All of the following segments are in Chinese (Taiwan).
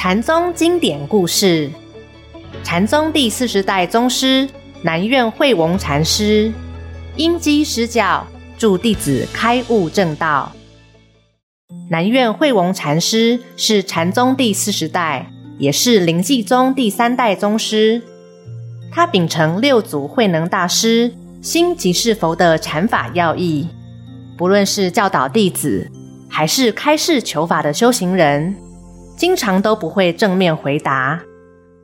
禪宗經典故事，禪宗第四十代宗師南院慧顒禪師因機施教，助弟子開悟證道。南院慧顒禪師是禪宗第四十代，也是臨濟宗第三代宗師。他秉承六祖慧能大師“心即是佛”的禪法要義，不論是教導弟子，還是開示求法的修行人。經常都不會正面回答，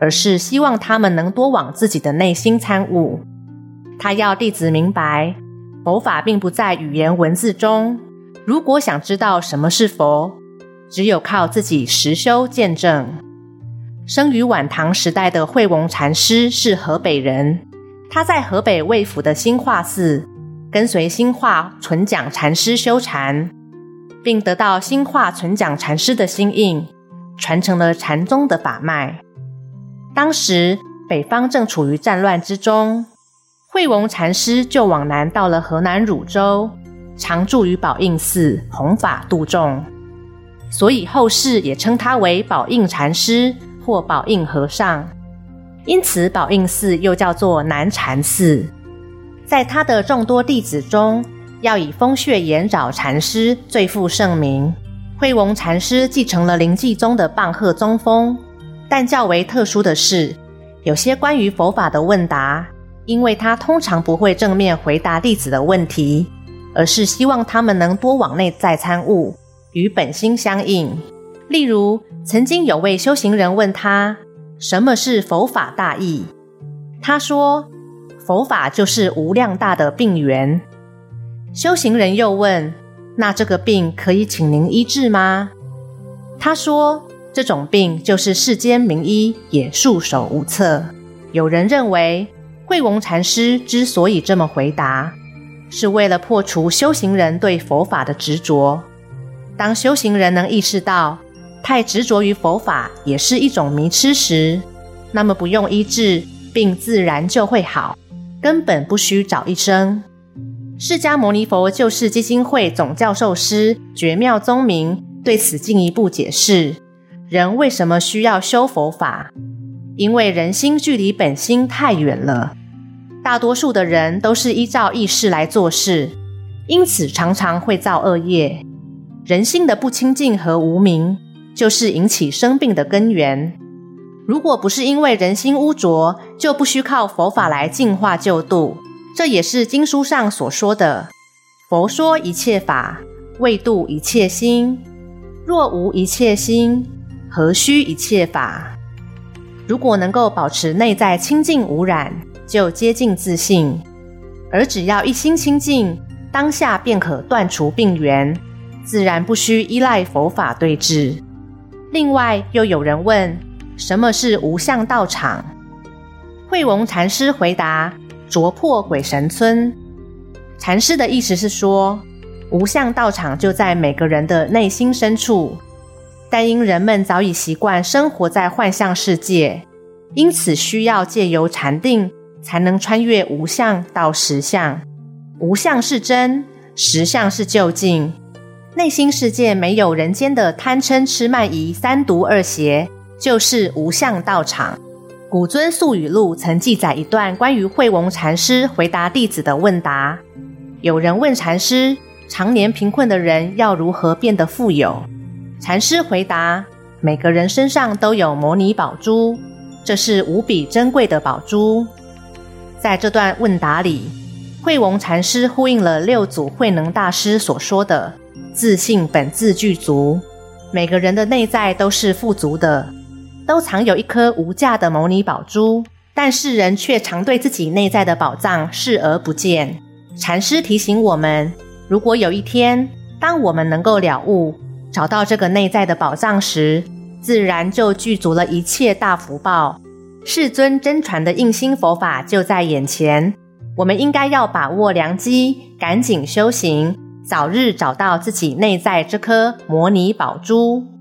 而是希望他們能多往自己的內心參悟。他要弟子明白，佛法並不在語言文字中。如果想知道什麼是佛，只有靠自己實修見證。生於晚唐時代的慧顒禪師是河北人，他在河北魏府的興化寺跟隨興化存獎禪師修禪，並得到興化存獎禪師的心印。傳承了禪宗的法脈。當時北方正處於戰亂之中，慧顒禪師就往南到了河南汝州，常住於寶應寺，弘法度眾。所以後世也稱他為寶應禪師或寶應和尚。因此，寶應寺又叫做南禪寺。在他的眾多弟子中，要以風穴延沼禪師最負盛名。慧顒禪師繼承了臨濟宗的棒喝宗風，但較為特殊的是，有些關於佛法的問答，因為他通常不會正面回答弟子的問題，而是希望他們能多往內在參悟，與本心相應。例如，曾經有位修行人問他什麼是佛法大義，他說佛法就是無量大的病源。修行人又問。那這個病可以請您醫治嗎？他說：“這種病就是世間名醫也束手無策。”有人認為，慧顒禪師之所以這麼回答，是為了破除修行人對佛法的執着。當修行人能意識到太執着於佛法也是一種迷失時，那麼不用醫治，病自然就會好，根本不需找醫生。釋迦牟尼佛救世基金會總教授師覺妙宗明對此進一步解釋：人為什麼需要修佛法？因為人心距離本心太遠了。大多數的人都是依照意識來做事，因此常常會造惡業。人性的不清淨和無明，就是引起生病的根源。如果不是因為人心污濁，就不需靠佛法來淨化救度。這也是經書上所說的：“佛說一切法，為度一切心；若無一切心，何須一切法？”如果能夠保持內在清淨無染，就接近自信；而只要一心清淨，當下便可斷除病源，自然不需依賴佛法對治。另外，又有人問：“什麼是無相道場？”慧顒禪師回答。啄破鬼神村，禪師的意思是說，無相道場就在每個人的內心深處，但因人們早已習慣生活在幻象世界，因此需要借由禪定才能穿越無相到實相。無相是真，實相是究竟，內心世界沒有人間的貪嗔癡慢疑三毒二邪，就是無相道場。《古尊宿語錄》曾記載一段關於慧顒禪師回答弟子的問答。有人問禪師：“常年貧困的人要如何變得富有？”禪師回答：“每個人身上都有摩尼寶珠，這是無比珍貴的寶珠。”在這段問答裡，慧顒禪師呼應了六祖慧能大師所說的：“自信本自具足，每個人的內在都是富足的。”都藏有一顆無價的牟尼寶珠，但世人卻常對自己內在的寶藏視而不見。禪師提醒我們：如果有一天，當我們能夠了悟、找到這個內在的寶藏時，自然就具足了一切大福報。世尊真傳的印心佛法就在眼前，我們應該要把握良機，趕緊修行，早日找到自己內在這顆牟尼寶珠。